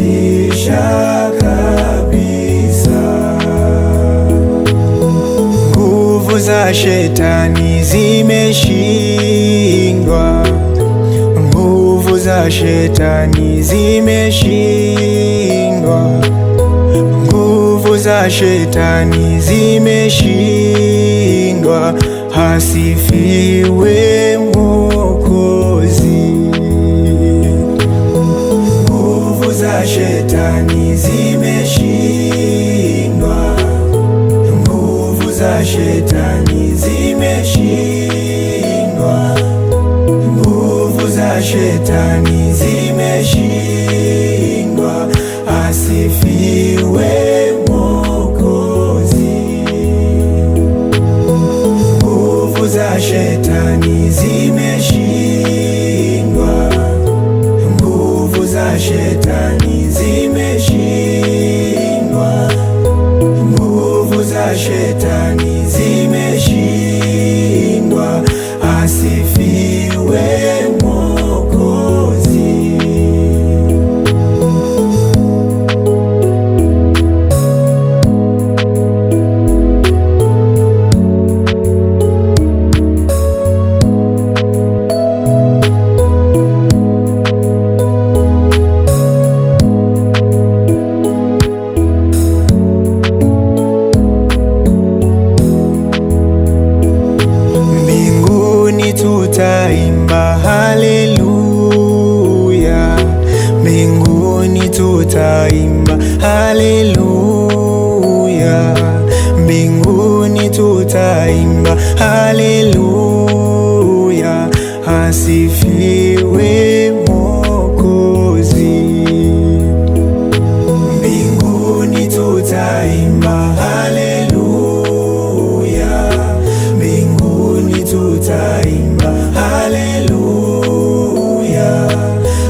imeisha kabisa. Nguvu za shetani zimeshindwa, nguvu za shetani zimeshindwa, nguvu za shetani zimeshindwa. Hasifiwe shetani zimeshindwa, nguvu za shetani zimeshindwa, nguvu za shetani zimeshindwa. Asifiwe. Shetani zimeshindwa. haleluya, asifiwe Mwokozi. Mbinguni tutaimba haleluya, mbinguni tutaimba haleluya,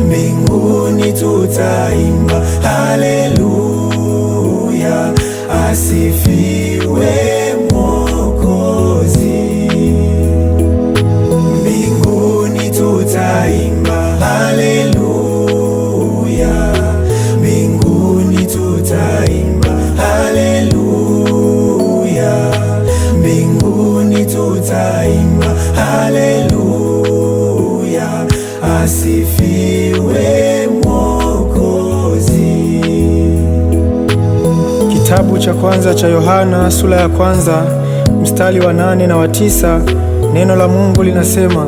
mbinguni tutaimba haleluya, asifiwe kitabu cha kwanza cha Yohana sura ya kwanza mstari wa nane na wa tisa neno la Mungu linasema,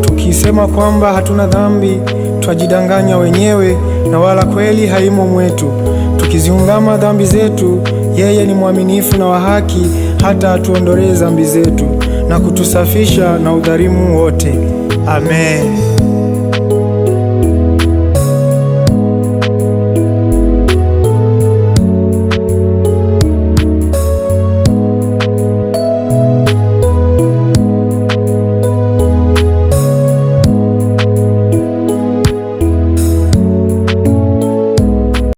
tukisema kwamba hatuna dhambi twajidanganya wenyewe na wala kweli haimo mwetu. Tukiziungama dhambi zetu, yeye ni mwaminifu na wa haki, hata atuondolee dhambi zetu na kutusafisha na udhalimu wote. Amen.